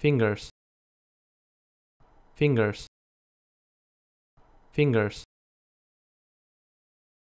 fingers fingers fingers